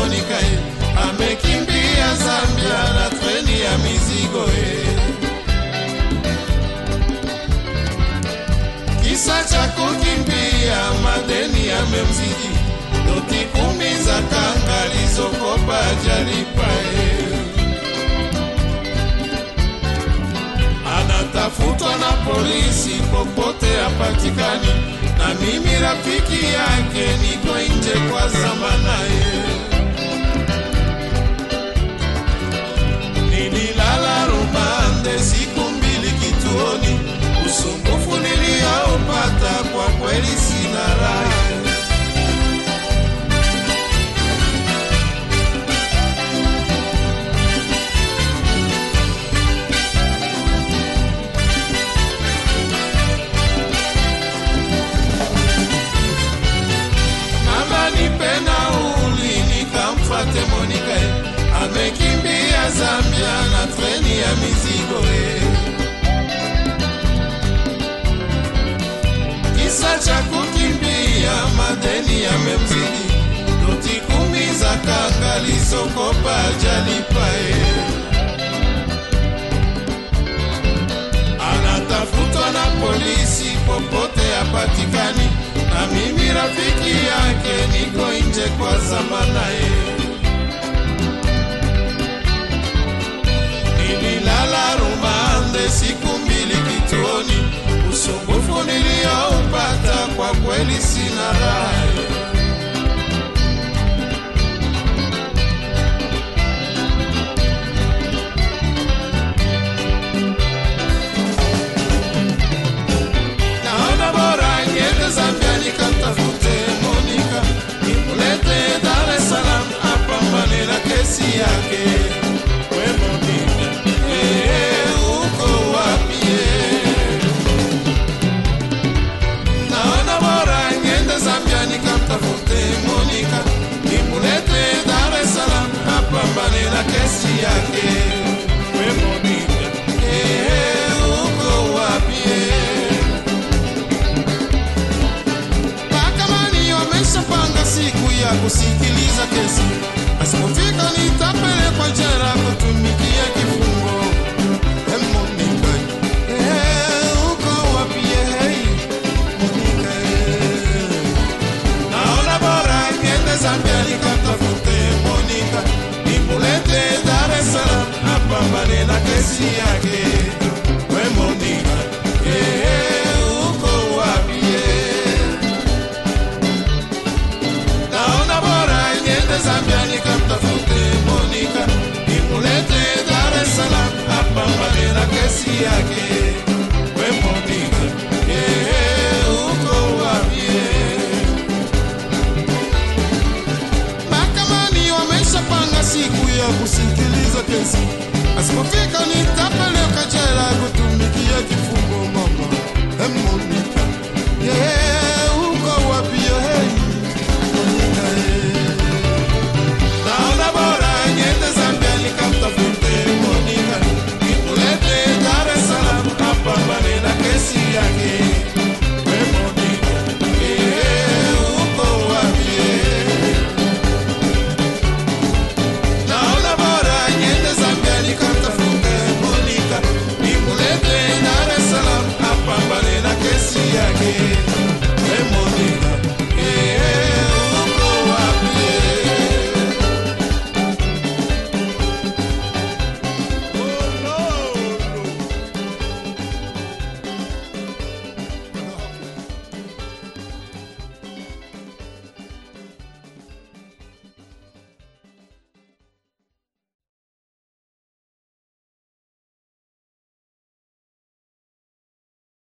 Monica eh, amekimbia Zambia na treni ya mizigo e. Kisa cha kukimbia madeni yamemzidi, noti kumi za kanga alizokopa jalipa e. Anatafutwa na polisi popote apatikani, na mimi rafiki yake niko nje kwa zamana yeye. zambia na treni ya mizigo e kisa cha kukimbia madeni yamemzidi doti kumi za kanga lisokopa jalipa e anatafutwa na polisi popote patikani na mimi rafiki yake niko nje kwa zamana e As uma fica, me tapa.